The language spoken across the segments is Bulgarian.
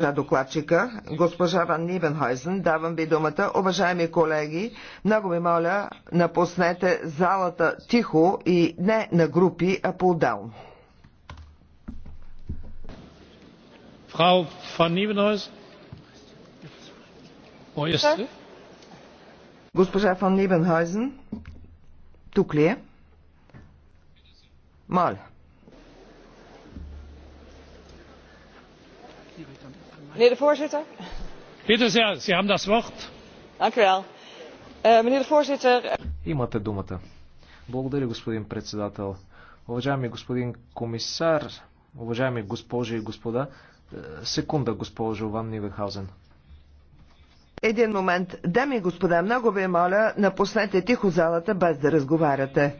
на докладчика, госпожа Ван Нивенхойзен. Давам ви думата. Уважаеми колеги, много ви моля, напуснете залата тихо и не на групи, а по-отделно. Frau Van Nieuwenhuizen. Госпожа Ван Нивенхойзен, тук ли е? Моля. Имате думата. Благодаря, господин председател. Уважаеми господин комисар, уважаеми госпожи и господа, е, секунда, госпожо Ван Нивехаузен. Един момент. Дами и господа, много ви моля, напуснете тихо залата, без да разговаряте.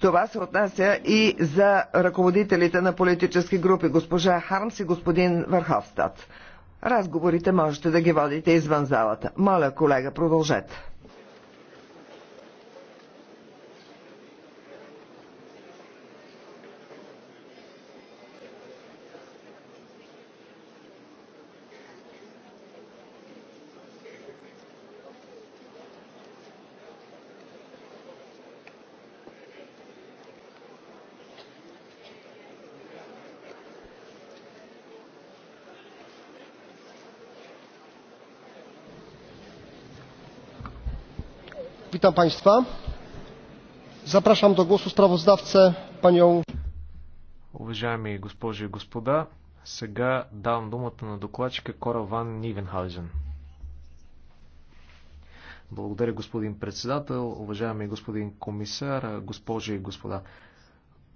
Това се отнася и за ръководителите на политически групи, госпожа Хармс и господин Върховстат. Разговорите можете да ги водите извън залата. Моля, колега, продължете. Witam Państwa. Zapraszam do głosu sprawozdawcę panią. Уважаеми госпожи и господа, сега давам думата на докладчика Кора Ван Нивенхаузен. Благодаря, господин председател, уважаеми господин комисар, госпожи и господа.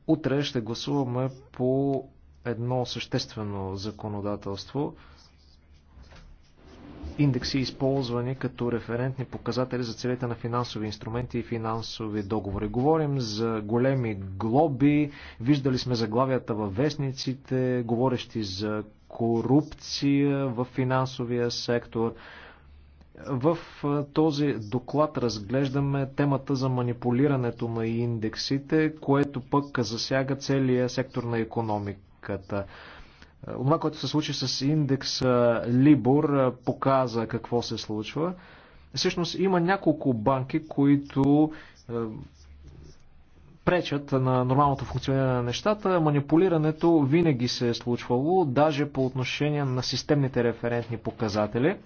Утре ще гласуваме по едно съществено законодателство – индекси, използвани като референтни показатели за целите на финансови инструменти и финансови договори. Говорим за големи глоби, виждали сме заглавията във вестниците, говорещи за корупция в финансовия сектор. В този доклад разглеждаме темата за манипулирането на индексите, което пък засяга целия сектор на економиката. Това, е, което се случи с индекс е, Либор, е, показа какво се случва. Всъщност има няколко банки, които пречат на нормалното функциониране на нещата. Манипулирането винаги се е случвало, даже по отношение на системните референтни показатели.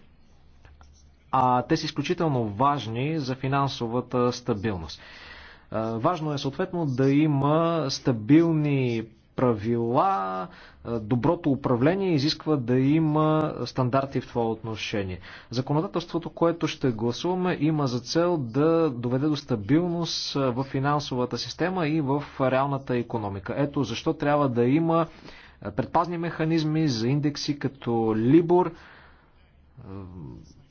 А те са изключително важни за финансовата стабилност. Важно е съответно да има стабилни правила, доброто управление изисква да има стандарти в това отношение. Законодателството, което ще гласуваме, има за цел да доведе до стабилност в финансовата система и в реалната економика. Ето защо трябва да има предпазни механизми за индекси като Либор,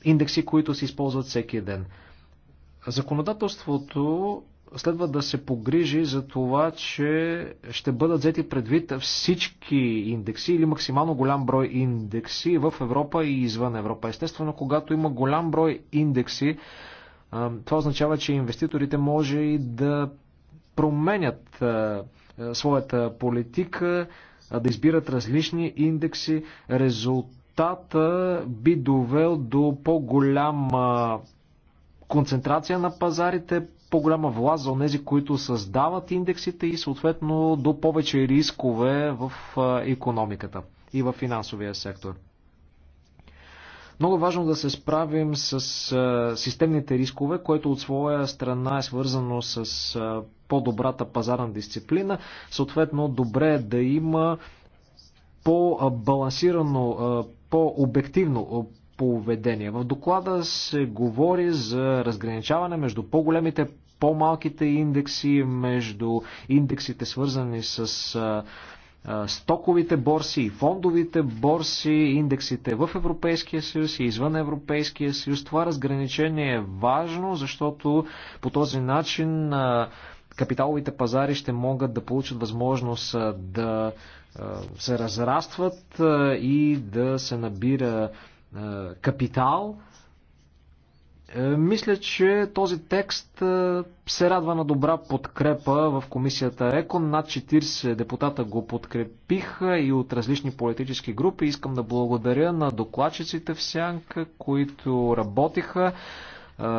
индекси, които се използват всеки ден. Законодателството следва да се погрижи за това, че ще бъдат взети предвид всички индекси или максимално голям брой индекси в Европа и извън Европа. Естествено, когато има голям брой индекси, това означава, че инвеститорите може и да променят своята политика, да избират различни индекси. Резултата би довел до по-голяма концентрация на пазарите, по-голяма власт за тези, които създават индексите и съответно до повече рискове в економиката и в финансовия сектор. Много важно да се справим с системните рискове, което от своя страна е свързано с по-добрата пазарна дисциплина. Съответно, добре е да има по-балансирано, по-обективно поведение. В доклада се говори за разграничаване между по-големите по-малките индекси, между индексите свързани с стоковите борси и фондовите борси, индексите в Европейския съюз и извън Европейския съюз. Това разграничение е важно, защото по този начин капиталовите пазари ще могат да получат възможност да се разрастват и да се набира капитал е, мисля, че този текст е, се радва на добра подкрепа в комисията ЕКОН. Над 40 депутата го подкрепиха и от различни политически групи. Искам да благодаря на докладчиците в Сянка, които работиха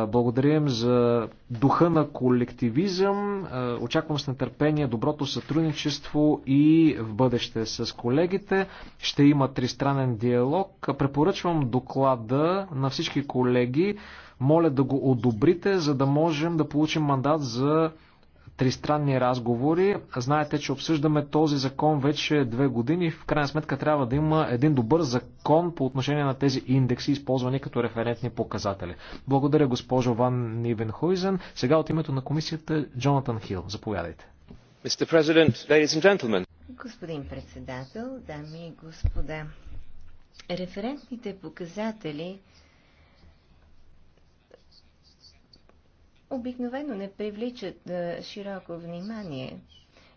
Благодарим за духа на колективизъм. Очаквам с нетърпение доброто сътрудничество и в бъдеще с колегите. Ще има тристранен диалог. Препоръчвам доклада на всички колеги. Моля да го одобрите, за да можем да получим мандат за тристранни разговори. Знаете, че обсъждаме този закон вече две години. В крайна сметка трябва да има един добър закон по отношение на тези индекси, използвани като референтни показатели. Благодаря, госпожо Ван Нивенхойзен. Сега от името на комисията Джонатан Хил. Заповядайте. Господин председател, дами и господа, референтните показатели – обикновено не привличат широко внимание,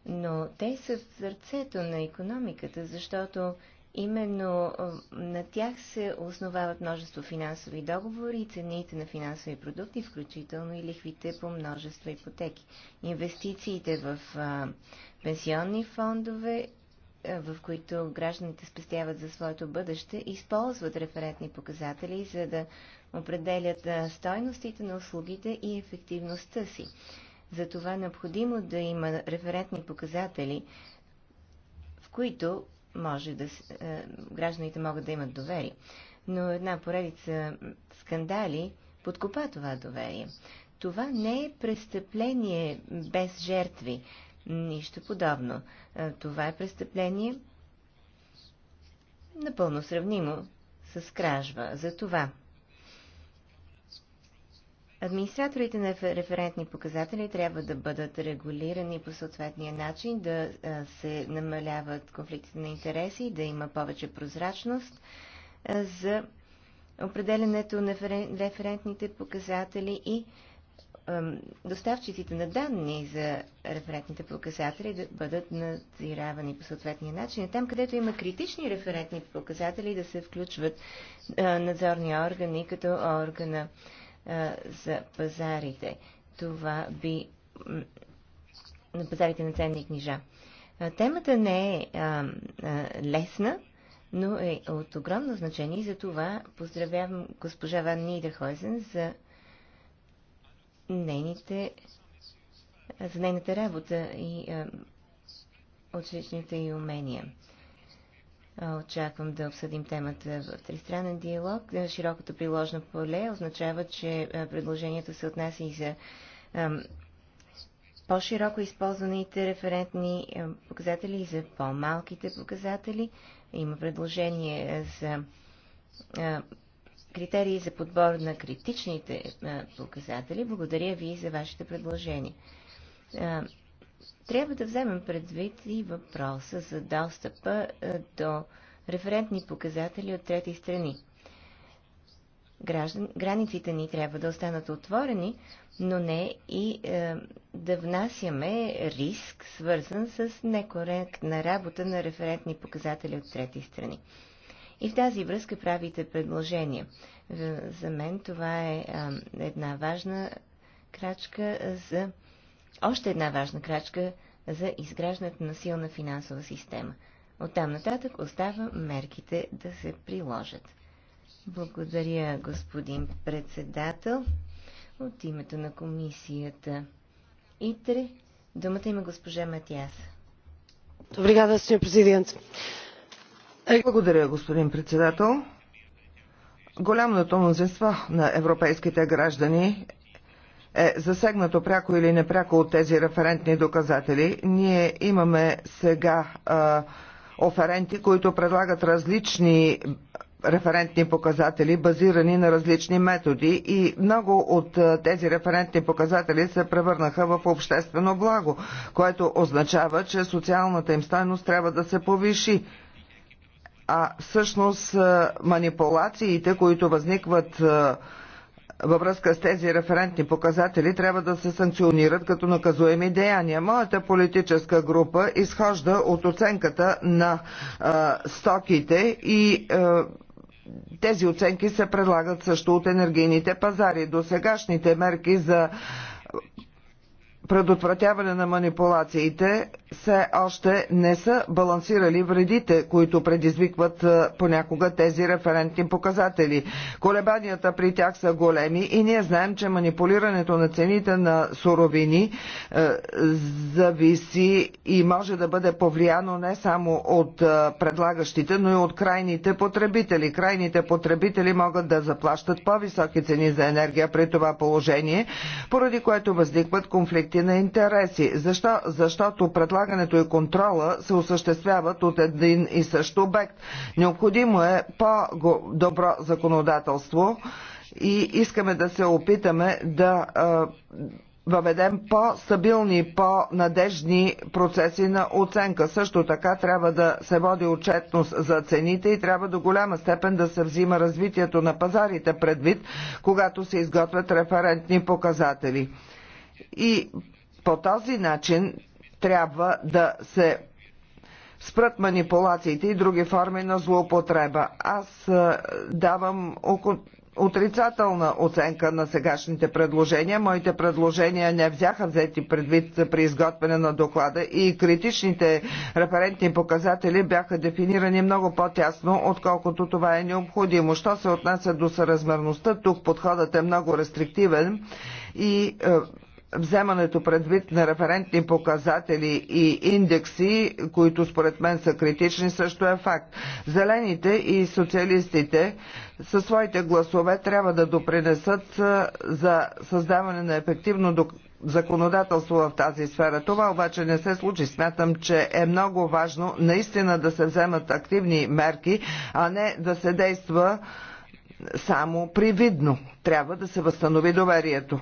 но те са в сърцето на економиката, защото именно на тях се основават множество финансови договори и цените на финансови продукти, включително и лихвите по множество ипотеки. Инвестициите в пенсионни фондове, в които гражданите спестяват за своето бъдеще, използват референтни показатели, за да определят стойностите на услугите и ефективността си. Затова е необходимо да има референтни показатели, в които може да, е, гражданите могат да имат доверие. Но една поредица скандали подкопа това доверие. Това не е престъпление без жертви. Нищо подобно. Това е престъпление напълно сравнимо с кражба. За това Администраторите на референтни показатели трябва да бъдат регулирани по съответния начин, да се намаляват конфликтите на интереси, да има повече прозрачност за определенето на референтните показатели и доставчиците на данни за референтните показатели да бъдат надзиравани по съответния начин. Там, където има критични референтни показатели, да се включват надзорни органи, като органа за пазарите. Това би на пазарите на ценни книжа. Темата не е а, а, лесна, но е от огромно значение и за това поздравявам госпожа Ван Нидерхойзен за нейните, за нейната работа и а, отличните и умения. Очаквам да обсъдим темата в тристранен диалог. Е, широкото приложно поле означава, че е, предложението се отнася и за по-широко използваните референтни е, показатели и за по-малките показатели. Има предложение за критерии за подбор на критичните показатели. Благодаря ви за вашите предложения трябва да вземем предвид и въпроса за достъпа е, до референтни показатели от трети страни. Граждан, границите ни трябва да останат отворени, но не и е, да внасяме риск, свързан с некоректна работа на референтни показатели от трети страни. И в тази връзка правите предложения. Е, за мен това е, е една важна крачка за още една важна крачка за изграждането на силна финансова система. Оттам нататък остава мерките да се приложат. Благодаря, господин председател. От името на комисията ИТРЕ думата има госпожа Матиас. Obrigada, господин президент. Благодаря, господин председател. Голямото мнозинство на европейските граждани е засегнато пряко или непряко от тези референтни доказатели. Ние имаме сега а, оференти, които предлагат различни референтни показатели, базирани на различни методи и много от тези референтни показатели се превърнаха в обществено благо, което означава, че социалната им стойност трябва да се повиши. А всъщност манипулациите, които възникват във връзка с тези референтни показатели трябва да се санкционират като наказуеми деяния. Моята политическа група изхожда от оценката на а, стоките и а, тези оценки се предлагат също от енергийните пазари. До сегашните мерки за предотвратяване на манипулациите все още не са балансирали вредите, които предизвикват е, понякога тези референтни показатели. Колебанията при тях са големи и ние знаем, че манипулирането на цените на суровини е, зависи и може да бъде повлияно не само от е, предлагащите, но и от крайните потребители. Крайните потребители могат да заплащат по-високи цени за енергия при това положение, поради което възникват конфликти конфликти на интереси. Защо? Защото предлагането и контрола се осъществяват от един и същ обект. Необходимо е по-добро законодателство и искаме да се опитаме да въведем по-стабилни, по-надежни процеси на оценка. Също така трябва да се води отчетност за цените и трябва до голяма степен да се взима развитието на пазарите предвид, когато се изготвят референтни показатели и по този начин трябва да се спрат манипулациите и други форми на злоупотреба. Аз е, давам отрицателна оценка на сегашните предложения. Моите предложения не взяха взети предвид при изготвяне на доклада и критичните референтни показатели бяха дефинирани много по-тясно, отколкото това е необходимо. Що се отнася до съразмерността, тук подходът е много рестриктивен и е, вземането предвид на референтни показатели и индекси, които според мен са критични, също е факт. Зелените и социалистите със своите гласове трябва да допринесат за създаване на ефективно законодателство в тази сфера. Това обаче не се случи. Смятам, че е много важно наистина да се вземат активни мерки, а не да се действа само привидно. Трябва да се възстанови доверието.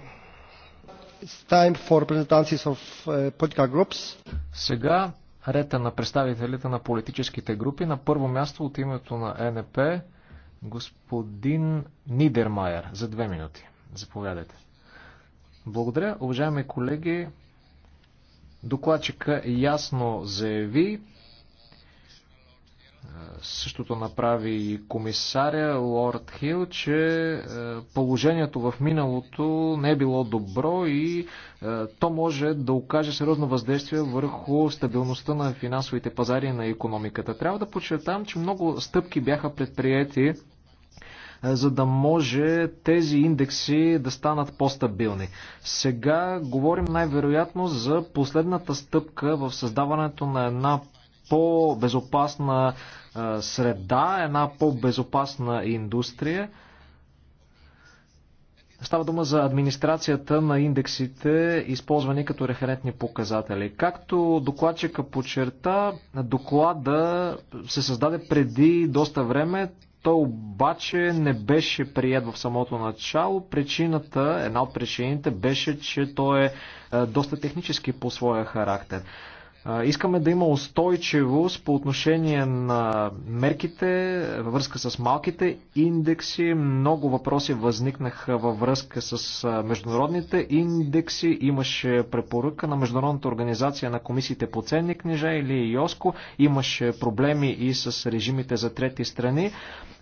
Uh, Сега рета на представителите на политическите групи. На първо място от името на НП господин Нидермайер за две минути. Заповядайте. Благодаря, уважаеми колеги. Докладчика ясно заяви, Същото направи и комисаря Лорд Хил, че е, положението в миналото не е било добро и е, то може да окаже сериозно въздействие върху стабилността на финансовите пазари и на економиката. Трябва да подчертам, че много стъпки бяха предприяти е, за да може тези индекси да станат по-стабилни. Сега говорим най-вероятно за последната стъпка в създаването на една по-безопасна среда, една по-безопасна индустрия. Става дума за администрацията на индексите, използвани като референтни показатели. Както докладчика почерта, доклада се създаде преди доста време. То обаче не беше прият в самото начало. Причината, една от причините беше, че той е, е доста технически по своя характер. Искаме да има устойчивост по отношение на мерките във връзка с малките индекси. Много въпроси възникнаха във връзка с международните индекси. Имаше препоръка на Международната организация на комисиите по ценни книжа или ИОСКО. Имаше проблеми и с режимите за трети страни.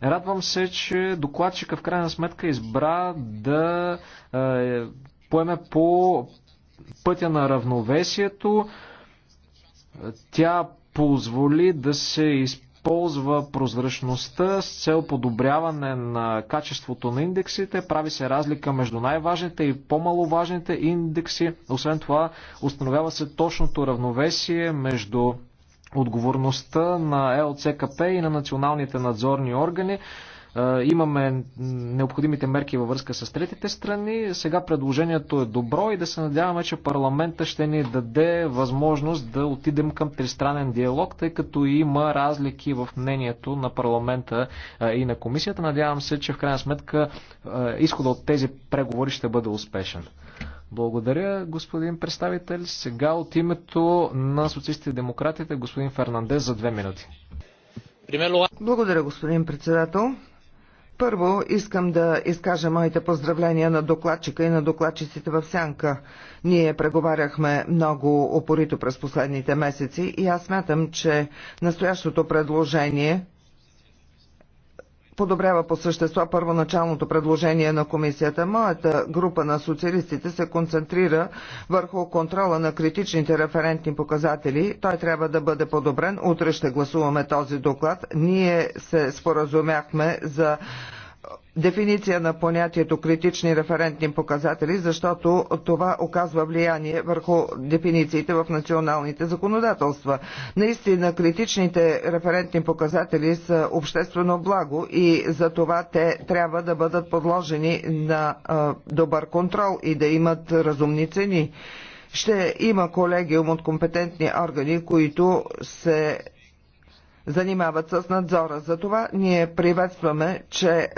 Радвам се, че докладчика в крайна сметка избра да е, поеме по пътя на равновесието тя позволи да се използва прозрачността с цел подобряване на качеството на индексите. Прави се разлика между най-важните и по-маловажните индекси. Освен това, установява се точното равновесие между отговорността на ЛЦКП и на националните надзорни органи имаме необходимите мерки във връзка с третите страни. Сега предложението е добро и да се надяваме, че парламента ще ни даде възможност да отидем към тристранен диалог, тъй като има разлики в мнението на парламента и на комисията. Надявам се, че в крайна сметка изхода от тези преговори ще бъде успешен. Благодаря, господин представител. Сега от името на социалистите и демократите, господин Фернандес, за две минути. Благодаря, господин председател. Първо искам да изкажа моите поздравления на докладчика и на докладчиците в Сянка. Ние преговаряхме много опорито през последните месеци и аз смятам, че настоящото предложение подобрява по същество първоначалното предложение на комисията. Моята група на социалистите се концентрира върху контрола на критичните референтни показатели. Той трябва да бъде подобрен. Утре ще гласуваме този доклад. Ние се споразумяхме за дефиниция на понятието критични референтни показатели, защото това оказва влияние върху дефинициите в националните законодателства. Наистина, критичните референтни показатели са обществено благо и за това те трябва да бъдат подложени на добър контрол и да имат разумни цени. Ще има колегиум от компетентни органи, които се занимават с надзора. Затова ние приветстваме, че е,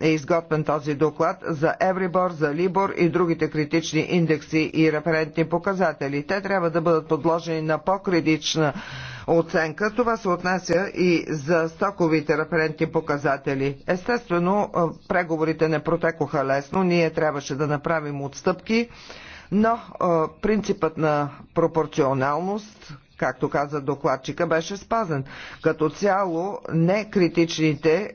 е изготвен този доклад за Еврибор, за Либор и другите критични индекси и референтни показатели. Те трябва да бъдат подложени на по-критична оценка. Това се отнася и за стоковите референтни показатели. Естествено, е, преговорите не протекоха лесно. Ние трябваше да направим отстъпки, но е, принципът на пропорционалност, както каза докладчика, беше спазен. Като цяло, не критичните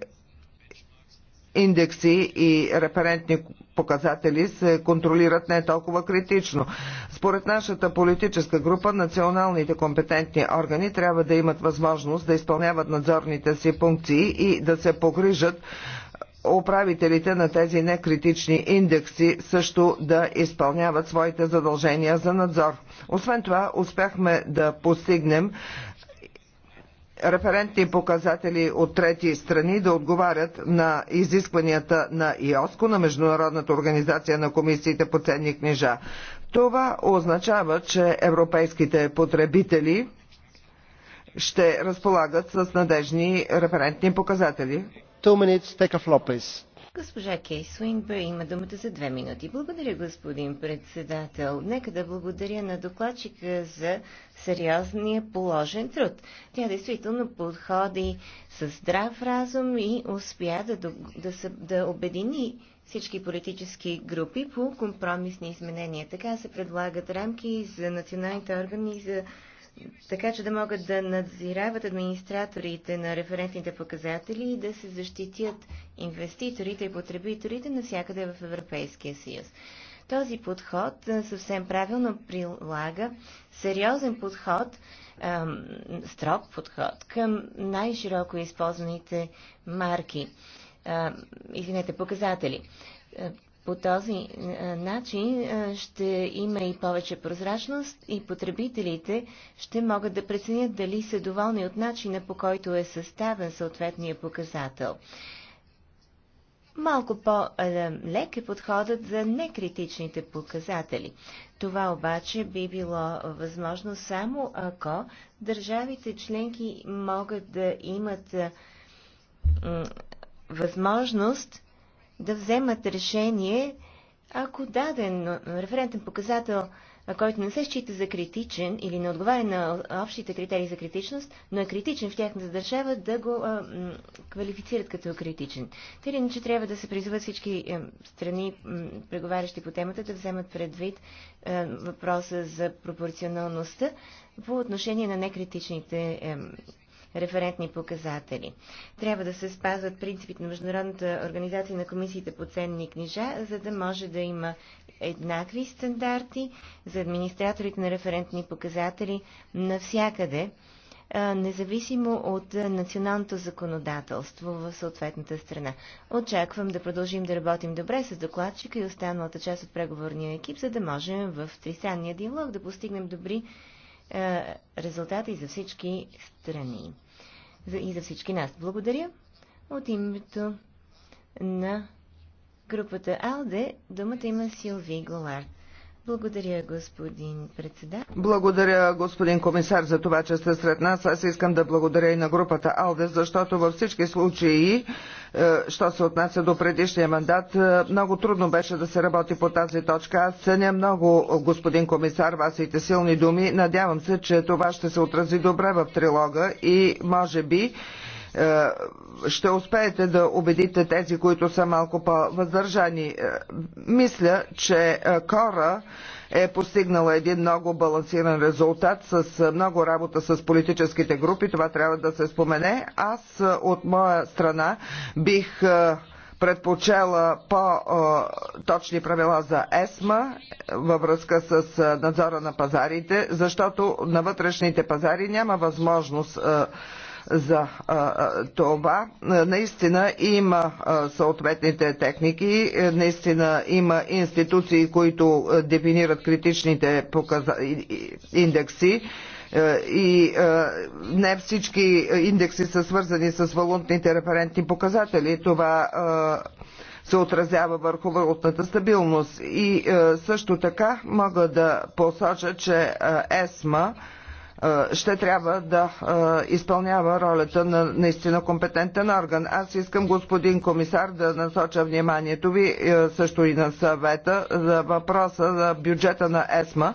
индекси и референтни показатели се контролират не толкова критично. Според нашата политическа група, националните компетентни органи трябва да имат възможност да изпълняват надзорните си функции и да се погрижат управителите на тези некритични индекси също да изпълняват своите задължения за надзор. Освен това, успяхме да постигнем референтни показатели от трети страни да отговарят на изискванията на ИОСКО, на Международната организация на комисиите по ценни книжа. Това означава, че европейските потребители ще разполагат с надежни референтни показатели. Госпожа Кей Суинбър има думата за две минути. Благодаря, господин председател. Нека да благодаря на докладчика за сериозния положен труд. Тя действително подходи с здрав разум и успя да, да, да, да обедини всички политически групи по компромисни изменения. Така се предлагат рамки за националните органи за така че да могат да надзирават администраторите на референтните показатели и да се защитят инвеститорите и потребителите навсякъде в Европейския съюз. Този подход съвсем правилно прилага сериозен подход, строг подход към най-широко използваните марки, извинете, показатели. По този е, начин е, ще има и повече прозрачност и потребителите ще могат да преценят дали са доволни от начина по който е съставен съответния показател. Малко по-лек е подходът за некритичните показатели. Това обаче би било възможно само ако държавите членки могат да имат възможност да вземат решение, ако даден референтен показател, който не се счита за критичен или не отговаря на общите критерии за критичност, но е критичен в тяхната държава, да го а, квалифицират като критичен. ли че трябва да се призоват всички а, е, страни, а, преговарящи по темата, да вземат предвид а, е, въпроса за пропорционалността по отношение на некритичните а, е, референтни показатели. Трябва да се спазват принципите на Международната организация на комисиите по ценни книжа, за да може да има еднакви стандарти за администраторите на референтни показатели навсякъде, независимо от националното законодателство в съответната страна. Очаквам да продължим да работим добре с докладчика и останалата част от преговорния екип, за да можем в тристранния диалог да постигнем добри е, резултати за всички страни и за всички нас. Благодаря от името на групата АЛДЕ. Думата има Силви Голард. Благодаря, господин председател. Благодаря, господин комисар, за това, че сте сред нас. Аз искам да благодаря и на групата АЛДЕ, защото във всички случаи, е, що се отнася до предишния мандат, е, много трудно беше да се работи по тази точка. Аз ценя много, господин комисар, васите силни думи. Надявам се, че това ще се отрази добре в трилога и може би е, ще успеете да убедите тези, които са малко по-въздържани. Е, мисля, че е, Кора е постигнала един много балансиран резултат с много работа с политическите групи. Това трябва да се спомене. Аз от моя страна бих предпочела по-точни правила за ЕСМА във връзка с надзора на пазарите, защото на вътрешните пазари няма възможност за това. Наистина има съответните техники, наистина има институции, които дефинират критичните показа... индекси и не всички индекси са свързани с валутните референтни показатели. Това се отразява върху валутната стабилност. И също така мога да посоча, че ЕСМА ще трябва да изпълнява ролята на наистина компетентен орган. Аз искам господин комисар да насоча вниманието ви също и на съвета за въпроса за бюджета на ЕСМА.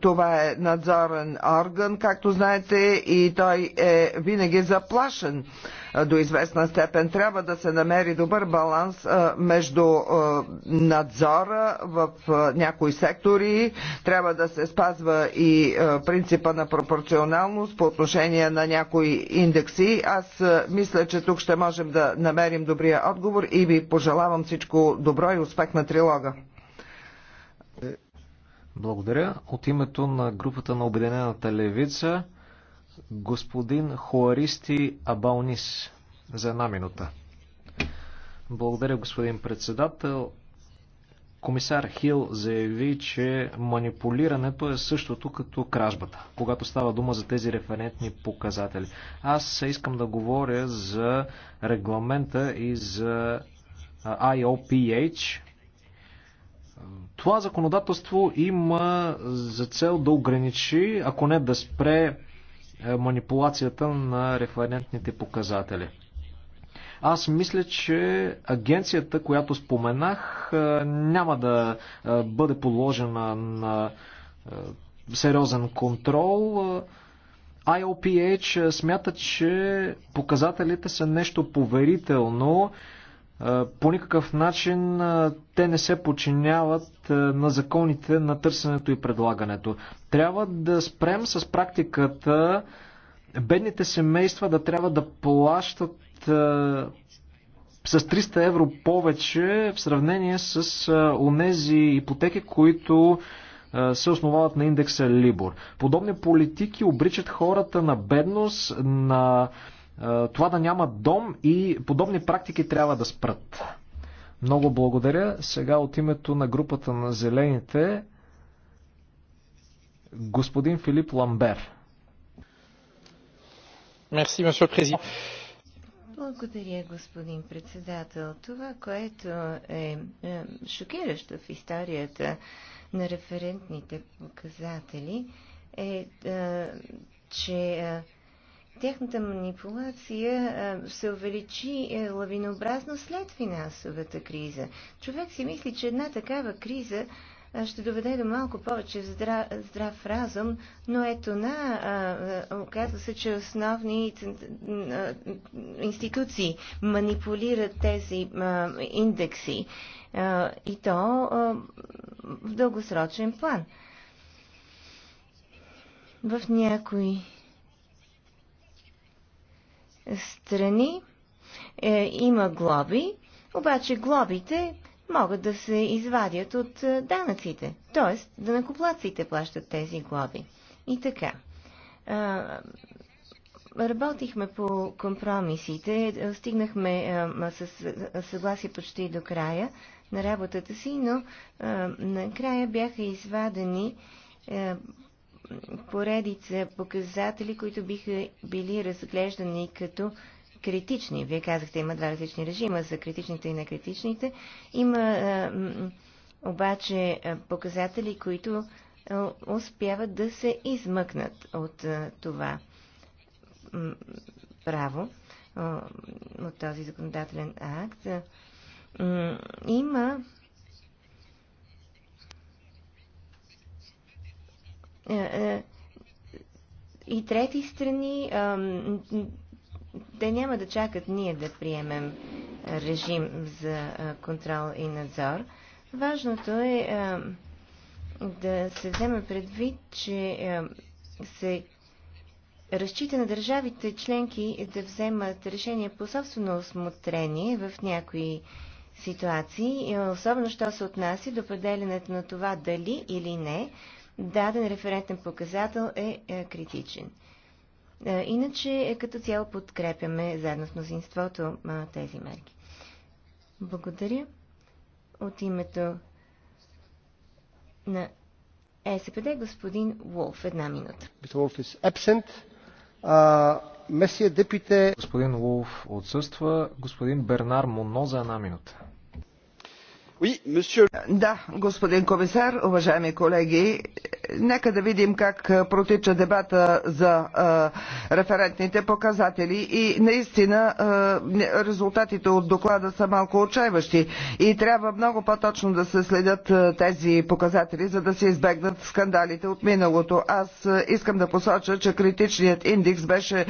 Това е надзорен орган, както знаете, и той е винаги заплашен до известна степен. Трябва да се намери добър баланс между надзора в някои сектори. Трябва да се спазва и принципа на пропорционалност по отношение на някои индекси. Аз мисля, че тук ще можем да намерим добрия отговор и ви пожелавам всичко добро и успех на трилога. Благодаря. От името на групата на Обединената левица Господин Хуаристи Абалнис за една минута. Благодаря, господин председател. Комисар Хил заяви, че манипулирането е същото като кражбата, когато става дума за тези референтни показатели. Аз искам да говоря за регламента и за IOPH. Това законодателство има за цел да ограничи, ако не да спре е, манипулацията на референтните показатели. Аз мисля, че агенцията, която споменах, е, няма да е, бъде подложена на сериозен контрол. IOPH смята, че показателите са нещо поверително по никакъв начин те не се подчиняват на законите на търсенето и предлагането. Трябва да спрем с практиката бедните семейства да трябва да плащат с 300 евро повече в сравнение с онези ипотеки, които се основават на индекса Либор. Подобни политики обричат хората на бедност, на това да няма дом и подобни практики трябва да спрат. Много благодаря. Сега от името на групата на зелените господин Филип Ламбер. Мерси, президент. Благодаря, господин председател. Това, което е, е, шокиращо в историята на референтните показатели, е, е че е, тяхната манипулация се увеличи е, лавинообразно след финансовата криза. Човек си мисли, че една такава криза ще доведе до малко повече здрав, здрав разум, но ето на, оказва се, че основни институции манипулират тези индекси и то в дългосрочен план. В някои страни е, има глоби, обаче глобите могат да се извадят от е, данъците. т.е. данъкоплаците плащат тези глоби. И така. Работихме по компромисите, стигнахме с съгласие почти до края на работата си, но накрая бяха извадени е, поредица показатели, които биха били разглеждани като критични. Вие казахте, има два различни режима за критичните и некритичните. Има обаче показатели, които успяват да се измъкнат от това право, от този законодателен акт. Има Е, е, и трети страни, те няма да чакат ние да приемем режим за контрол и надзор. Важното е да се вземе предвид, че се разчита на държавите членки да вземат решение по собствено осмотрение в някои ситуации, особено що се отнася до определенето на това дали или не даден референтен показател е, е критичен. Е, иначе, е, като цяло, подкрепяме заедно с мнозинството тези мерки. Благодаря. От името на ЕСПД господин Уолф. Една минута. Господин Уолф отсъства. Господин Бернар Моно за една минута. Да, господин комисар, уважаеми колеги, нека да видим как протича дебата за референтните показатели и наистина резултатите от доклада са малко отчаиващи и трябва много по-точно да се следят тези показатели, за да се избегнат скандалите от миналото. Аз искам да посоча, че критичният индекс беше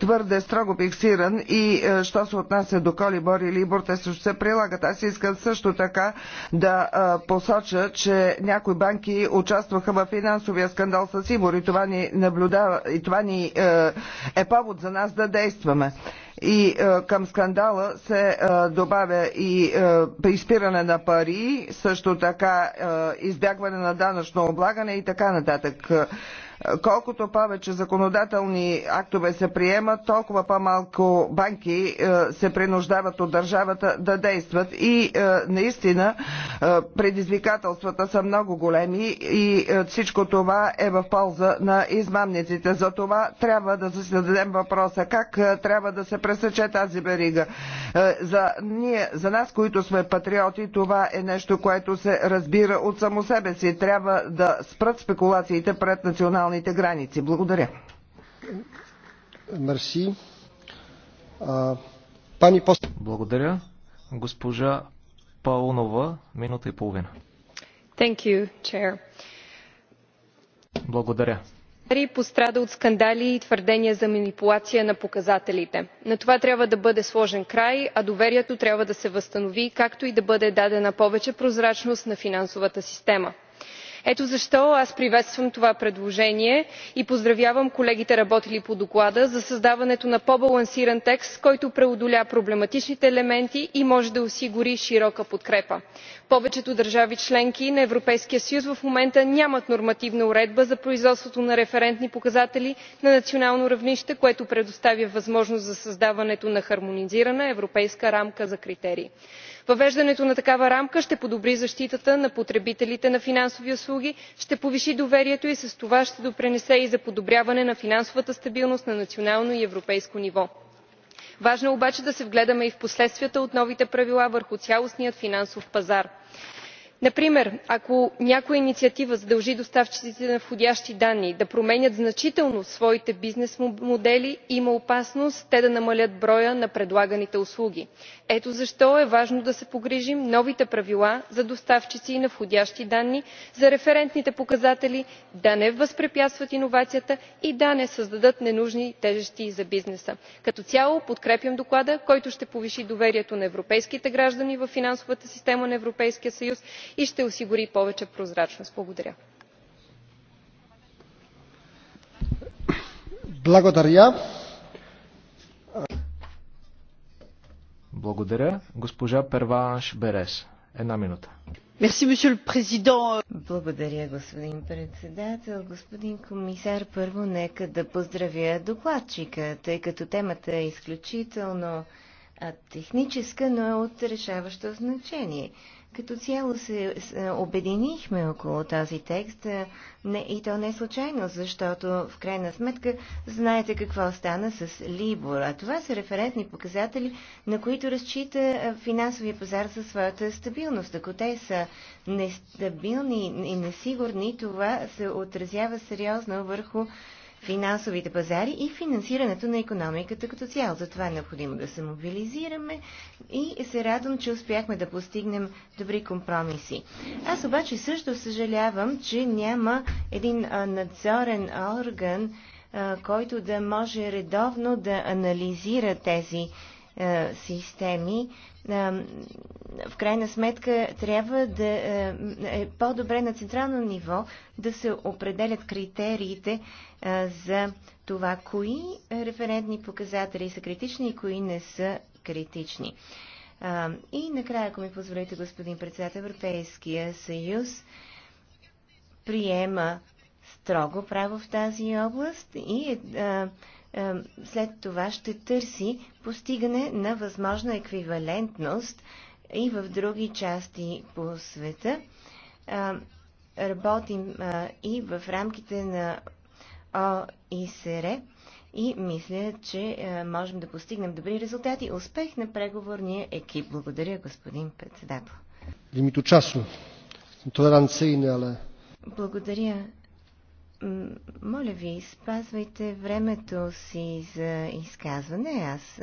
твърде строго фиксиран и що се отнася до Колибор и Либор, те също се прилагат. Аз искам също така така да посоча, че някои банки участваха в финансовия скандал с Ибор и това ни, наблюдава, и това ни е, е повод за нас да действаме и е, към скандала се е, добавя и е, приспиране на пари, също така е, избягване на данъчно облагане и така нататък. Колкото повече законодателни актове се приемат, толкова по-малко банки е, се принуждават от държавата да действат. И е, наистина е, предизвикателствата са много големи и всичко това е в полза на измамниците. За това трябва да зададем въпроса как трябва да се пресече тази берига. За, ние, за нас, които сме патриоти, това е нещо, което се разбира от само себе си. Трябва да спрат спекулациите пред националната националните граници. Благодаря. Мерси. Пани пост... Благодаря. Госпожа Паунова, минута и половина. Thank you, chair. Благодаря. България пострада от скандали и твърдения за манипулация на показателите. На това трябва да бъде сложен край, а доверието трябва да се възстанови, както и да бъде дадена повече прозрачност на финансовата система ето защо аз приветствам това предложение и поздравявам колегите работили по доклада за създаването на по балансиран текст който преодоля проблематичните елементи и може да осигури широка подкрепа. повечето държави членки на европейския съюз в момента нямат нормативна уредба за производството на референтни показатели на национално равнище което предоставя възможност за създаването на хармонизирана европейска рамка за критерии въвеждането на такава рамка ще подобри защитата на потребителите на финансови услуги ще повиши доверието и с това ще допринесе и за подобряване на финансовата стабилност на национално и европейско ниво. важно е обаче да се вгледаме и в последствията от новите правила върху цялостния финансов пазар например ако някоя инициатива задължи доставчиците на входящи данни да променят значително своите бизнес модели има опасност те да намалят броя на предлаганите услуги. ето защо е важно да се погрижим новите правила за доставчици на входящи данни за референтните показатели да не възпрепятстват иновацията и да не създадат ненужни тежести за бизнеса. като цяло подкрепям доклада който ще повиши доверието на европейските граждани във финансовата система на европейския съюз и ще осигури повече прозрачност. благодаря. Благодаря. Госпожа Перванш Берес. Една минута. Благодаря, господин председател. Господин комисар, първо нека да поздравя докладчика, тъй като темата е изключително техническа, но е от решаващо значение. Като цяло се обединихме около този текст не, и то не е случайно, защото в крайна сметка знаете какво стана с Либор. А това са референтни показатели, на които разчита финансовия пазар със своята стабилност. Ако те са нестабилни и несигурни, това се отразява сериозно върху финансовите пазари и финансирането на економиката като цяло. Затова е необходимо да се мобилизираме и се радвам, че успяхме да постигнем добри компромиси. Аз обаче също съжалявам, че няма един надзорен орган, който да може редовно да анализира тези е, системи, е, в крайна сметка трябва да е, е по-добре на централно ниво да се определят критериите е, за това, кои референтни показатели са критични и кои не са критични. и накрая, ако ми позволите, господин председател, Европейския съюз приема строго право в тази област и е, е след това ще търси постигане на възможна еквивалентност и в други части по света. Работим и в рамките на ОИСР е и мисля, че е, можем да постигнем добри резултати. Успех на преговорния екип. Благодаря, господин председател. але... Благодаря, моля ви, спазвайте времето си за изказване. Аз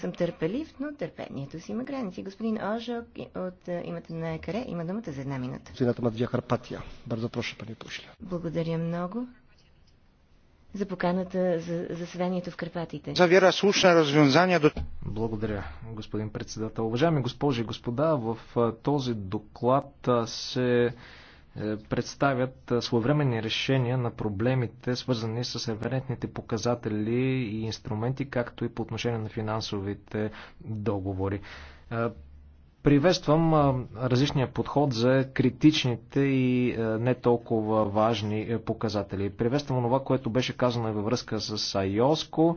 съм търпелив, но търпението си има граници. Господин Ожок от името на Екаре има думата за една минута. Сината Мадвия Харпатия. Бързо проша, пани Пушля. Благодаря много за поканата за заседанието в Карпатите. вера слушна развязания до... Благодаря, господин председател. Уважаеми госпожи и господа, в този доклад се е, представят е, своевременни решения на проблемите, свързани с референтните показатели и инструменти, както и по отношение на финансовите договори. Е, приветствам различния подход за критичните и не толкова важни показатели. Приветствам това, което беше казано във връзка с Айоско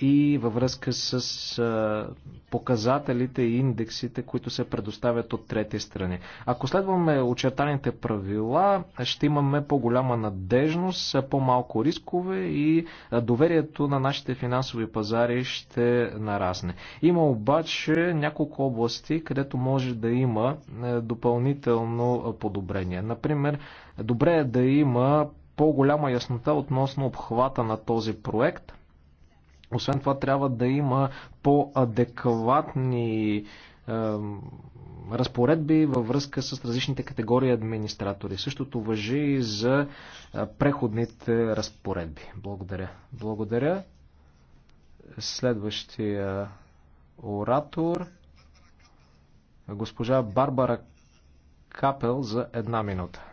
и във връзка с показателите и индексите, които се предоставят от трети страни. Ако следваме очертаните правила, ще имаме по-голяма надежност, по-малко рискове и доверието на нашите финансови пазари ще нарасне. Има обаче няколко области, където може да има допълнително подобрение. Например, добре е да има по-голяма яснота относно обхвата на този проект освен това трябва да има по-адекватни разпоредби във връзка с различните категории администратори. Същото въжи и за е, преходните разпоредби. Благодаря. Благодаря. Следващия оратор госпожа Барбара Капел за една минута.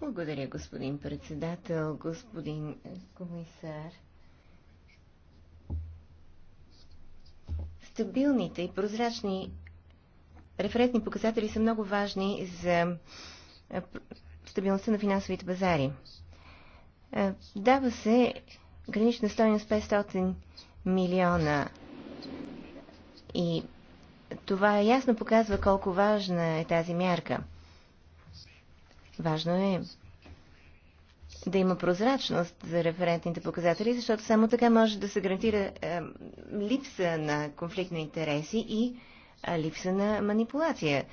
Благодаря, господин председател, господин комисар. Стабилните и прозрачни референтни показатели са много важни за стабилността на финансовите базари. Дава се гранична стоеност 500 милиона и това ясно показва колко важна е тази мярка. Важно е да има прозрачност за референтните показатели, защото само така може да се гарантира е, липса на конфликт на интереси и е, липса на манипулация.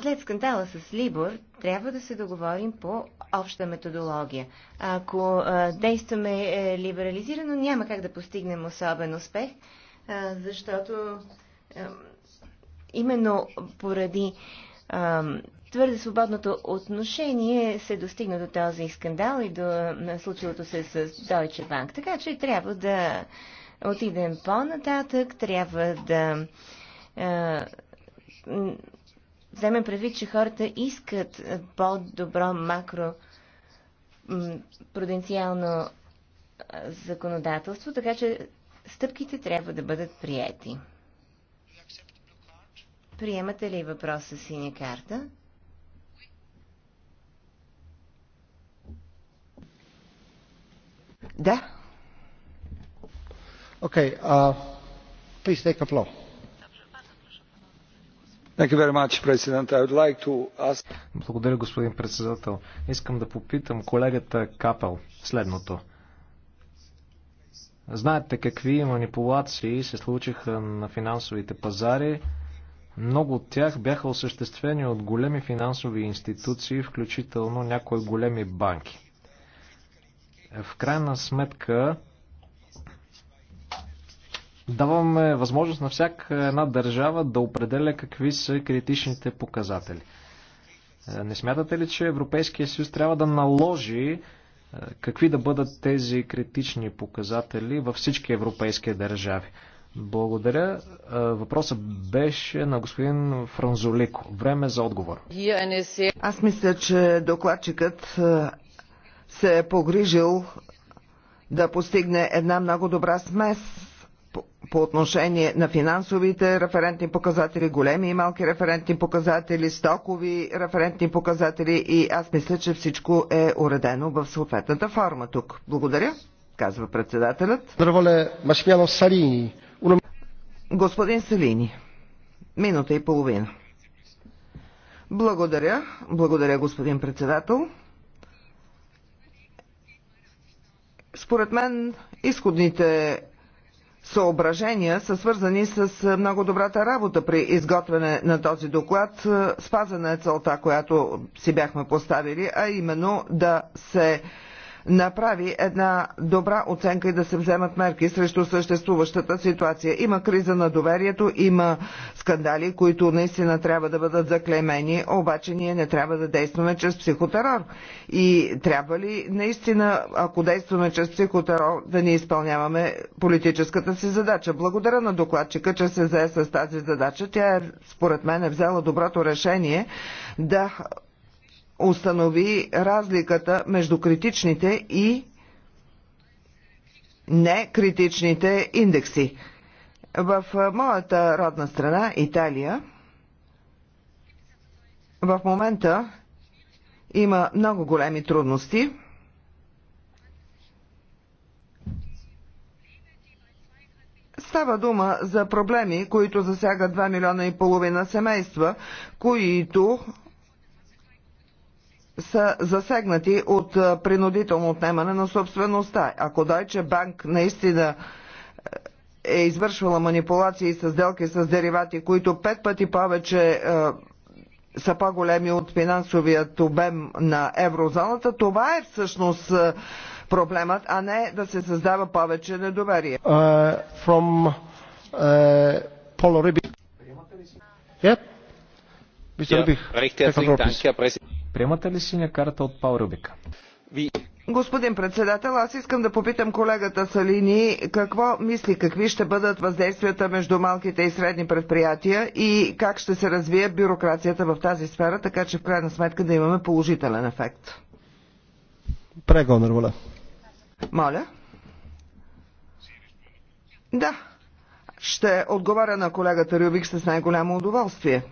След скандала с Либор трябва да се договорим по обща методология. Ако е, действаме е, либерализирано, няма как да постигнем особен успех, е, защото е, именно поради твърде свободното отношение се достигна до този скандал и до случилото се с Deutsche Bank. Така че трябва да отидем по-нататък, трябва да е, вземем предвид, че хората искат по-добро макро пруденциално законодателство, така че стъпките трябва да бъдат приети. Приемате ли въпроса синя карта? Да. Окей. Uh, please take a floor. Like ask... Благодаря, господин председател. Искам да попитам колегата Капел следното. Знаете какви манипулации се случиха на финансовите пазари. Много от тях бяха осъществени от големи финансови институции, включително някои големи банки. В крайна сметка даваме възможност на всяка една държава да определя какви са критичните показатели. Е, не смятате ли, че Европейския съюз трябва да наложи е, какви да бъдат тези критични показатели във всички европейски държави? Благодаря. Е, въпросът беше на господин Франзолико. Време за отговор. Аз мисля, че докладчикът се е погрижил да постигне една много добра смес по отношение на финансовите референтни показатели, големи и малки референтни показатели, стокови референтни показатели и аз мисля, че всичко е уредено в съответната форма тук. Благодаря, казва председателят. Салини. Господин Салини, минута и половина. Благодаря, благодаря господин председател. Според мен изходните съображения са свързани с много добрата работа при изготвяне на този доклад. Спазена е целта, която си бяхме поставили, а именно да се направи една добра оценка и да се вземат мерки срещу съществуващата ситуация. Има криза на доверието, има скандали, които наистина трябва да бъдат заклеймени, обаче ние не трябва да действаме чрез психотерор. И трябва ли наистина, ако действаме чрез психотерор, да ни изпълняваме политическата си задача? Благодаря на докладчика, че се зае с тази задача. Тя, е, според мен, е взела доброто решение да установи разликата между критичните и некритичните индекси. В моята родна страна, Италия, в момента има много големи трудности. Става дума за проблеми, които засягат 2 милиона и половина семейства, които са засегнати от принудително отнемане на собствеността. Ако Deutsche Bank наистина е, е извършвала манипулации с сделки с деривати, които пет пъти повече е, са по-големи от финансовият обем на еврозоната, това е всъщност е, проблемът, а не да се създава повече недоверие. Uh, from, uh, Paul Rubik. Yep. Mr. Yeah, Rubik. Приемате ли синя карта от Пал Рубика? Господин председател, аз искам да попитам колегата Салини какво мисли, какви ще бъдат въздействията между малките и средни предприятия и как ще се развие бюрокрацията в тази сфера, така че в крайна сметка да имаме положителен ефект. Прегонер, моля. Моля? Да. Ще отговаря на колегата Рюбик с най-голямо удоволствие.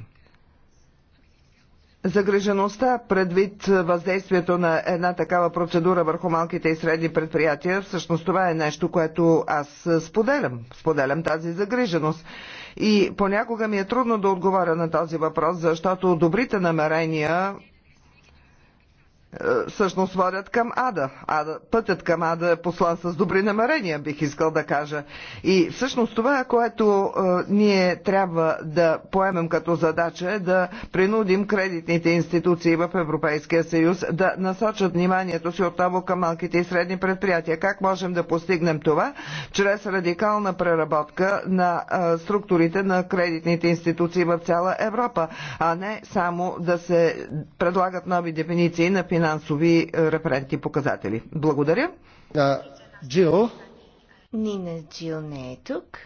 Загрижеността предвид въздействието на една такава процедура върху малките и средни предприятия, всъщност това е нещо, което аз споделям. Споделям тази загриженост. И понякога ми е трудно да отговоря на този въпрос, защото добрите намерения е, всъщност водят към ада. ада. Пътят към ада е послан с добри намерения, бих искал да кажа. И всъщност това, което е, ние трябва да поемем като задача е да принудим кредитните институции в Европейския съюз да насочат вниманието си отново към малките и средни предприятия. Как можем да постигнем това? Чрез радикална преработка на е, структурите на кредитните институции в цяла Европа, а не само да се предлагат нови дефиниции на финансовите финансови е, референтни показатели. Благодаря. А, Джил. Нина Джил не е тук.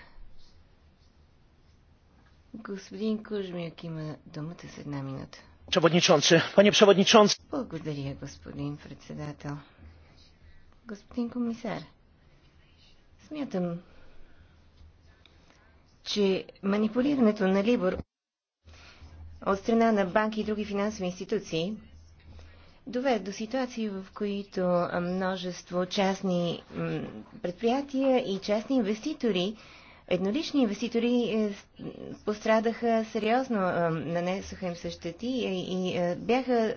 Господин Кужмяк има думата с една минута. Przewodniczący, panie przewodniczący. Благодаря, господин председател. Господин комисар, смятам, че манипулирането на Либор от страна на банки и други финансови институции доведе до ситуации, в които множество частни предприятия и частни инвеститори, еднолични инвеститори е, пострадаха сериозно, нанесоха им същети и бяха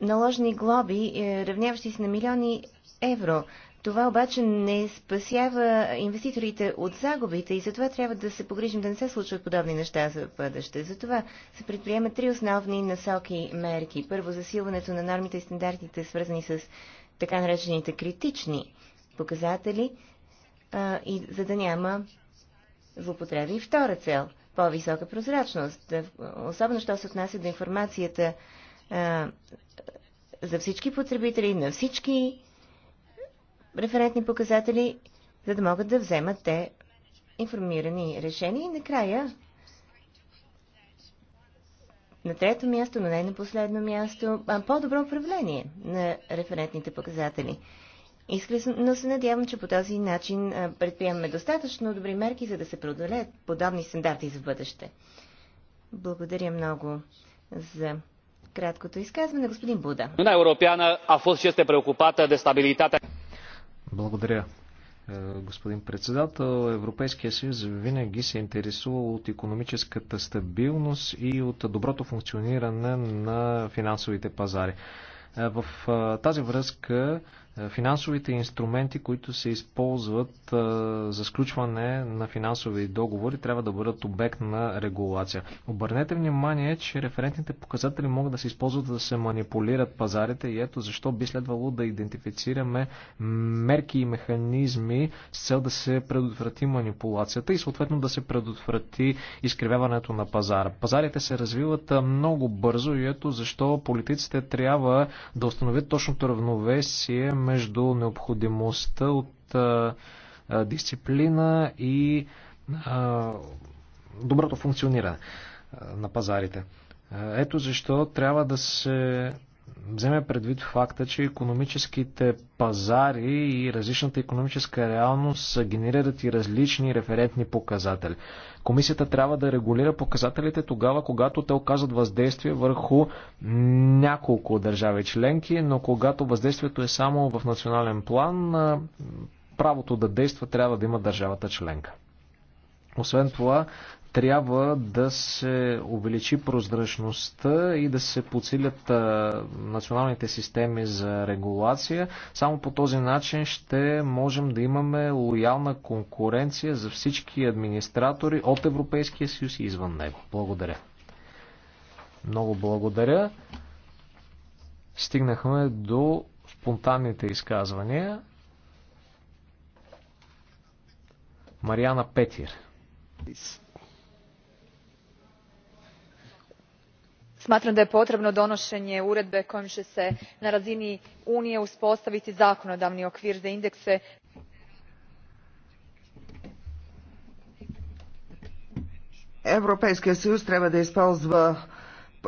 наложени глоби, е, равняващи се на милиони евро. Това обаче не спасява инвеститорите от загубите и затова трябва да се погрижим да не се случват подобни неща за бъдеще. Затова се предприемат три основни насоки мерки. Първо, засилването на нормите и стандартите, свързани с така наречените критични показатели, а, и за да няма злопотреби. И втора цел – по-висока прозрачност, особено що се отнася до информацията а, за всички потребители на всички референтни показатели, за да могат да вземат те информирани решения. И накрая, на трето място, но не на последно място, по-добро управление на референтните показатели. Искрено се надявам, че по този начин предприемаме достатъчно добри мерки, за да се преодолеят подобни стандарти за бъдеще. Благодаря много за краткото изказване, господин Буда. Благодаря, е, господин председател. Европейския съюз винаги се е интересува от економическата стабилност и от доброто функциониране на финансовите пазари. Е, в тази връзка финансовите инструменти, които се използват за сключване на финансови договори, трябва да бъдат обект на регулация. Обърнете внимание, че референтните показатели могат да се използват да се манипулират пазарите и ето защо би следвало да идентифицираме мерки и механизми с цел да се предотврати манипулацията и съответно да се предотврати изкривяването на пазара. Пазарите се развиват много бързо и ето защо политиците трябва да установят точното равновесие между необходимостта от а, дисциплина и а, доброто функциониране на пазарите. Ето защо трябва да се вземе предвид факта, че економическите пазари и различната економическа реалност генерират и различни референтни показатели. Комисията трябва да регулира показателите тогава, когато те оказват въздействие върху няколко държави членки, но когато въздействието е само в национален план, правото да действа трябва да има държавата членка. Освен това, трябва да се увеличи прозрачността и да се подсилят националните системи за регулация. Само по този начин ще можем да имаме лоялна конкуренция за всички администратори от Европейския съюз и извън него. Благодаря. Много благодаря. Стигнахме до спонтанните изказвания. Мариана Петир. Peace. smatram da je potrebno donošenje uredbe kojom će se na razini unije uspostaviti zakonodavni okvir za indekse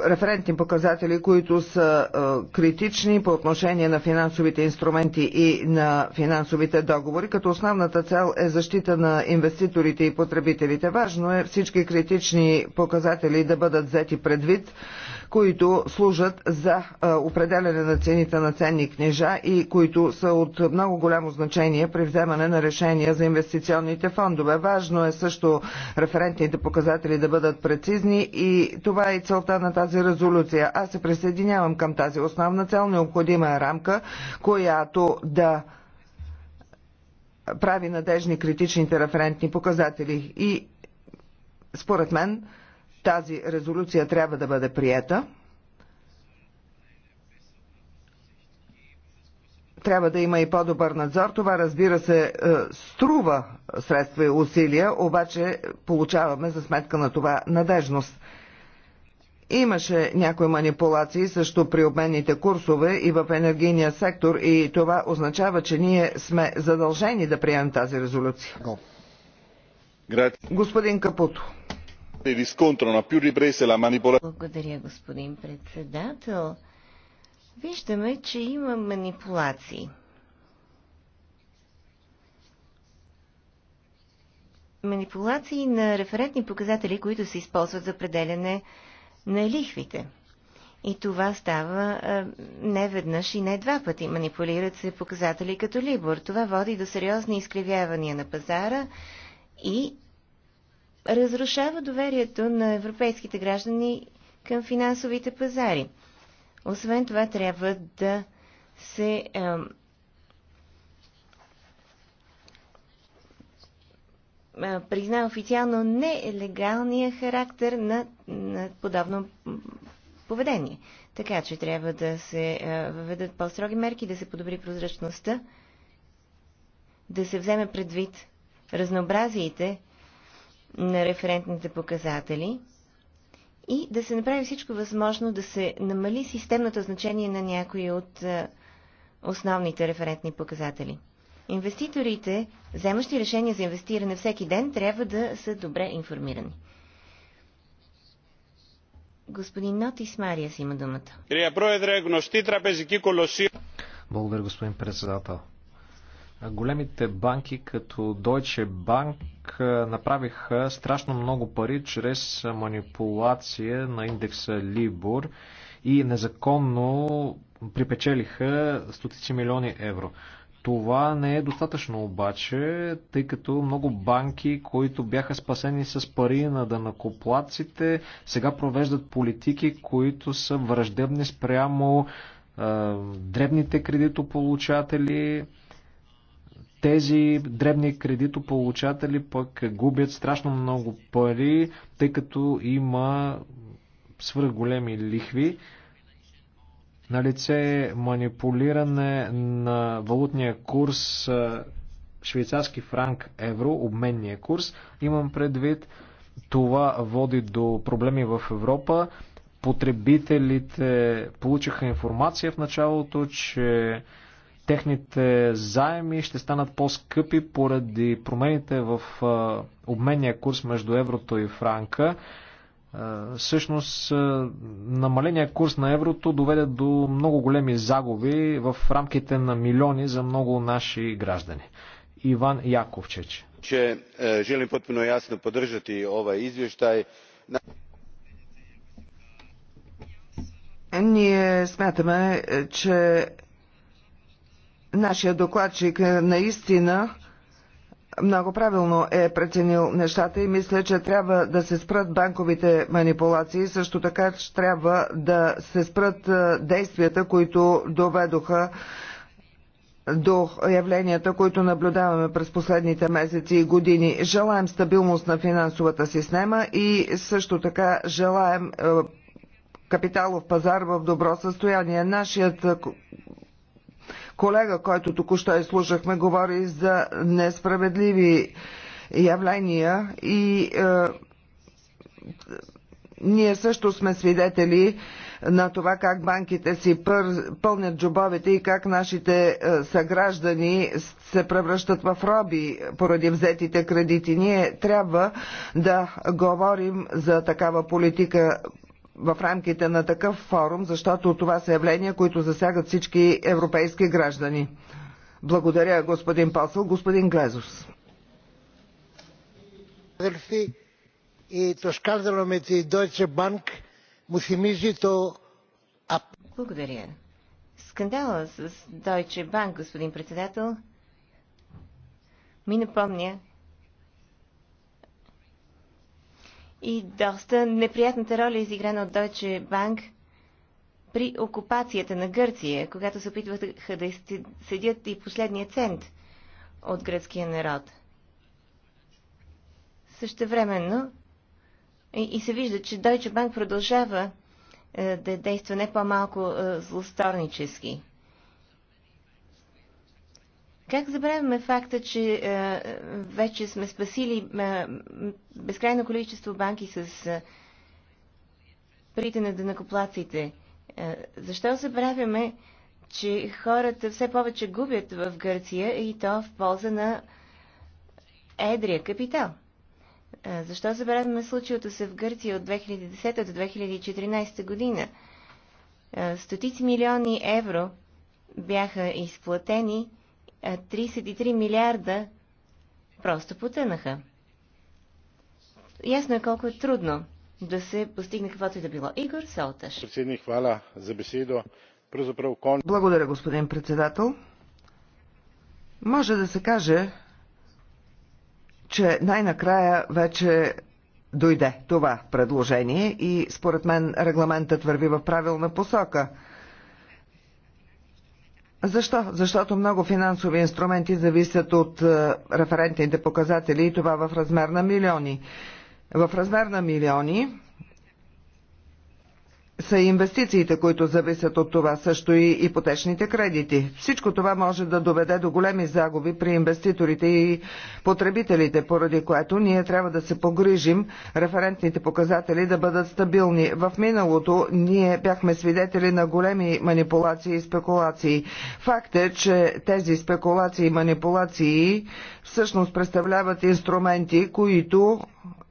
референтни показатели, които са е, критични по отношение на финансовите инструменти и на финансовите договори, като основната цел е защита на инвеститорите и потребителите. Важно е всички критични показатели да бъдат взети предвид, които служат за е, определяне на цените на ценни книжа и които са от много голямо значение при вземане на решения за инвестиционните фондове. Важно е също референтните показатели да бъдат прецизни и това е и целта на тази тази резолюция. Аз се присъединявам към тази основна цел. Необходима е рамка, която да прави надежни критичните референтни показатели. И според мен тази резолюция трябва да бъде приета. трябва да има и по-добър надзор. Това, разбира се, е, струва средства и усилия, обаче получаваме за сметка на това надежност. Имаше някои манипулации също при обменните курсове и в енергийния сектор и това означава, че ние сме задължени да приемем тази резолюция. Господин Капуто. Е, Благодаря, господин председател. Виждаме, че има манипулации. Манипулации на референтни показатели, които се използват за определене на лихвите. И това става а, не веднъж и не два пъти. Манипулират се показатели като Либор. Това води до сериозни изкривявания на пазара и разрушава доверието на европейските граждани към финансовите пазари. Освен това, трябва да се а, призна официално нелегалния характер на, на подобно поведение. Така че трябва да се въведат по-строги мерки, да се подобри прозрачността, да се вземе предвид разнообразиите на референтните показатели и да се направи всичко възможно да се намали системното значение на някои от основните референтни показатели. Инвеститорите, вземащи решения за инвестиране всеки ден, трябва да са добре информирани. Господин Нотис Мариас има думата. Благодаря, господин председател. Големите банки като Deutsche Bank направиха страшно много пари чрез манипулация на индекса Libor и незаконно припечелиха стотици милиони евро. Това не е достатъчно обаче, тъй като много банки, които бяха спасени с пари на данакоплаците, сега провеждат политики, които са враждебни спрямо е, дребните кредитополучатели. Тези дребни кредитополучатели пък губят страшно много пари, тъй като има свърх големи лихви. На лице е манипулиране на валутния курс швейцарски франк евро, обменния курс. Имам предвид, това води до проблеми в Европа. Потребителите получиха информация в началото, че техните заеми ще станат по-скъпи поради промените в обменния курс между еврото и франка. Е, всъщност е, намаления курс на еврото доведе до много големи загуби в рамките на милиони за много наши граждани. Иван Яковчеч. Че, е, желим potpuno ясно поддържати ovaj izvještaj. Ние смятаме, че нашия докладчик наистина много правилно е преценил нещата и мисля, че трябва да се спрат банковите манипулации, също така че трябва да се спрат е, действията, които доведоха до явленията, които наблюдаваме през последните месеци и години. Желаем стабилност на финансовата система и също така желаем е, капиталов пазар в добро състояние. Нашият колега, който току-що изслушахме, говори за несправедливи явления и е, ние също сме свидетели на това как банките си пър, пълнят джобовете и как нашите е, съграждани се превръщат в роби поради взетите кредити. Ние трябва да говорим за такава политика в рамките на такъв форум, защото това са явления, които засягат всички европейски граждани. Благодаря, господин Пасъл. Господин Глезос. Благодаря. Скандала с Deutsche Bank, господин председател, ми напомня и доста неприятната роля изиграна от Deutsche Bank при окупацията на Гърция, когато се опитваха да седят и последния цент от гръцкия народ. Същевременно и, и се вижда, че Deutsche Bank продължава е, да действа не по-малко е, злосторнически. Как забравяме факта, че а, е, вече сме спасили а, е, безкрайно количество банки с а, е, парите на дънакоплаците? А, защо забравяме, че хората все повече губят в Гърция и то в полза на едрия капитал? А, защо забравяме случилото се в Гърция от 2010 до 2014 година? А, стотици милиони евро бяха изплатени – 33 милиарда просто потънаха. Ясно е колко е трудно да се постигне каквото и да било. Игор Солташ. Председник, хвала за беседо. Благодаря, господин председател. Може да се каже, че най-накрая вече дойде това предложение и според мен регламентът върви в правилна посока. Защо? Защото много финансови инструменти зависят от е, референтните показатели и това в размер на милиони. В размер на милиони са инвестициите, които зависят от това, също и ипотечните кредити. Всичко това може да доведе до големи загуби при инвеститорите и потребителите, поради което ние трябва да се погрижим референтните показатели да бъдат стабилни. В миналото ние бяхме свидетели на големи манипулации и спекулации. Факт е, че тези спекулации и манипулации всъщност представляват инструменти, които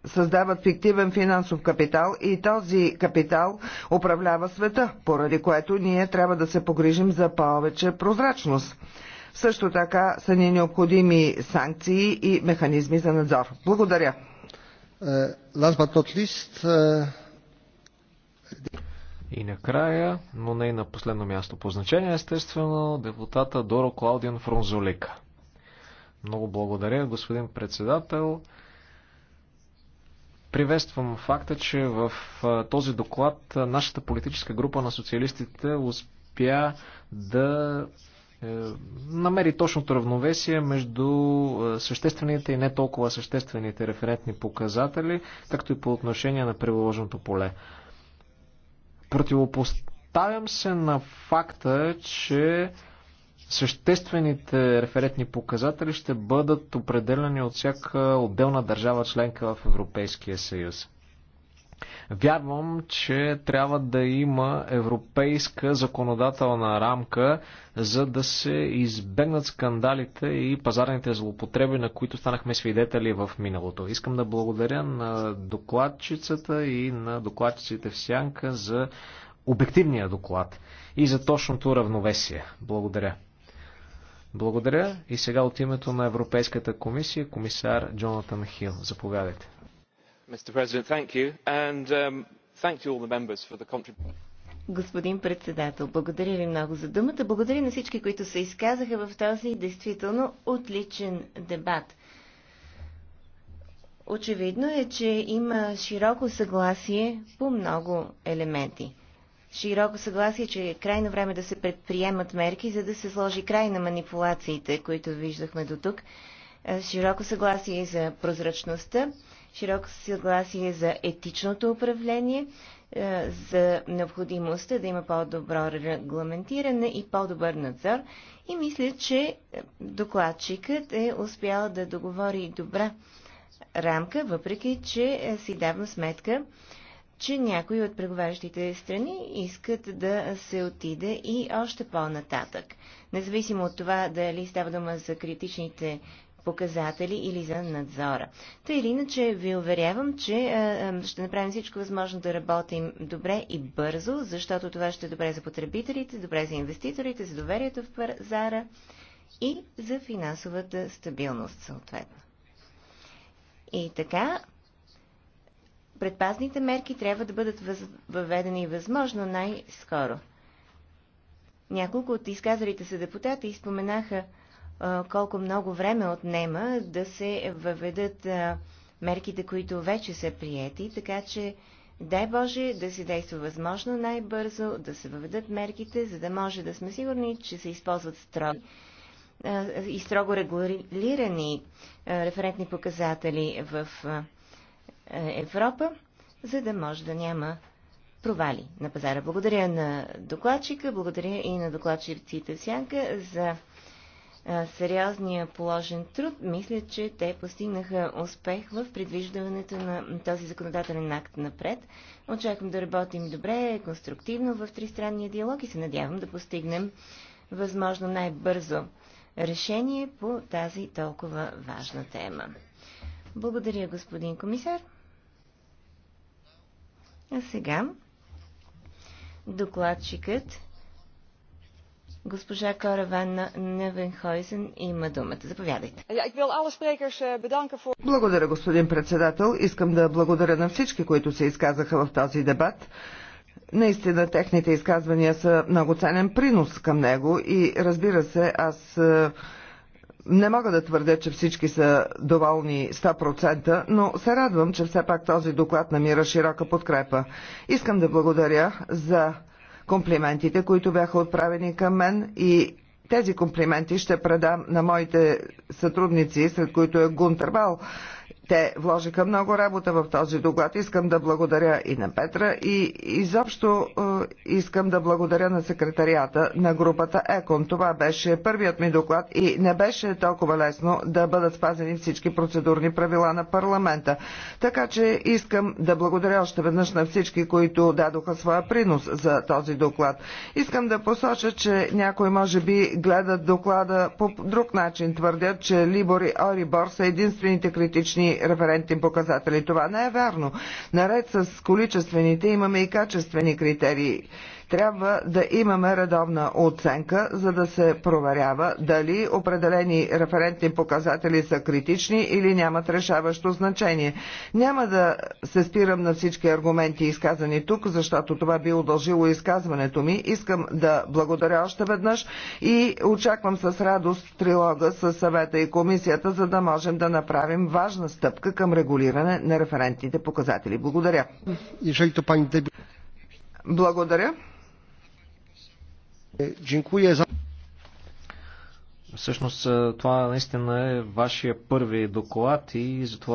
създават фиктивен финансов капитал и този капитал управлява света, поради което ние трябва да се погрижим за повече прозрачност. Също така са ни необходими санкции и механизми за надзор. Благодаря. Е, е, и накрая, но не и на последно място по значение, естествено, депутата Доро Клаудиан Фрунзолика. Много благодаря, господин председател. Приветствам факта, че в този доклад нашата политическа група на социалистите успя да е, намери точното равновесие между съществените и не толкова съществените референтни показатели, както и по отношение на приложеното поле. Противопоставям се на факта, че Съществените референтни показатели ще бъдат определени от всяка отделна държава членка в Европейския съюз. Вярвам, че трябва да има европейска законодателна рамка, за да се избегнат скандалите и пазарните злоупотреби, на които станахме свидетели в миналото. Искам да благодаря на докладчицата и на докладчиците в Сянка за обективния доклад и за точното равновесие. Благодаря. Благодаря. И сега от името на Европейската комисия, комисар Джонатан Хил. Заповядайте. Um, Господин председател, благодаря ви много за думата. Благодаря на всички, които се изказаха в този действително отличен дебат. Очевидно е, че има широко съгласие по много елементи широко съгласие, че е крайно време да се предприемат мерки, за да се сложи край на манипулациите, които виждахме до тук. Е, широко съгласие за прозрачността, широко съгласие за етичното управление, е, за необходимостта да има по-добро регламентиране и по-добър надзор. И мисля, че е, докладчикът е успял да договори добра рамка, въпреки че си давам сметка, че някои от преговарящите страни искат да се отиде и още по-нататък. Независимо от това дали става дума за критичните показатели или за надзора. Та или иначе ви уверявам, че а, ще направим всичко възможно да работим добре и бързо, защото това ще е добре за потребителите, добре за инвеститорите, за доверието в пазара и за финансовата стабилност съответно. И така, предпазните мерки трябва да бъдат въведени възможно най-скоро. Няколко от изказалите се депутати изпоменаха а, колко много време отнема да се въведат а, мерките, които вече са приети, така че дай Боже да се действа възможно най-бързо, да се въведат мерките, за да може да сме сигурни, че се използват строги и строго регулирани референтни показатели в е, Европа, за да може да няма провали на пазара. Благодаря на докладчика, благодаря и на докладчиците в Сянка за сериозния положен труд. Мисля, че те постигнаха успех в предвиждането на този законодателен акт напред. Очаквам да работим добре, конструктивно в тристранния диалог и се надявам да постигнем възможно най-бързо решение по тази толкова важна тема. Благодаря, господин комисар. А сега докладчикът Госпожа Кора Ванна Невенхойзен има думата. Заповядайте. Е, благодаря, господин председател. Искам да благодаря на всички, които се изказаха в този дебат. Наистина, техните изказвания са много ценен принос към него и разбира се, аз е, не мога да твърдя, че всички са доволни 100%, но се радвам, че все пак този доклад намира широка подкрепа. Искам да благодаря за комплиментите, които бяха отправени към мен и тези комплименти ще предам на моите сътрудници, сред които е Гунтер Бал. Те вложиха много работа в този доклад. Искам да благодаря и на Петра и изобщо е, искам да благодаря на секретарията на групата ЕКОН. Това беше първият ми доклад и не беше толкова лесно да бъдат спазени всички процедурни правила на парламента. Така че искам да благодаря още веднъж на всички, които дадоха своя принос за този доклад. Искам да посоча, че някой може би гледат доклада по друг начин. Твърдят, че либори и Орибор са единствените критични референтни показатели. Това не е вярно. Наред с количествените имаме и качествени критерии. Трябва да имаме редовна оценка, за да се проверява дали определени референтни показатели са критични или нямат решаващо значение. Няма да се спирам на всички аргументи изказани тук, защото това би удължило изказването ми. Искам да благодаря още веднъж и очаквам с радост трилога с съвета и комисията, за да можем да направим важна стъпка към регулиране на референтните показатели. Благодаря. Благодаря. Всъщност това наистина е вашия първи доклад и затова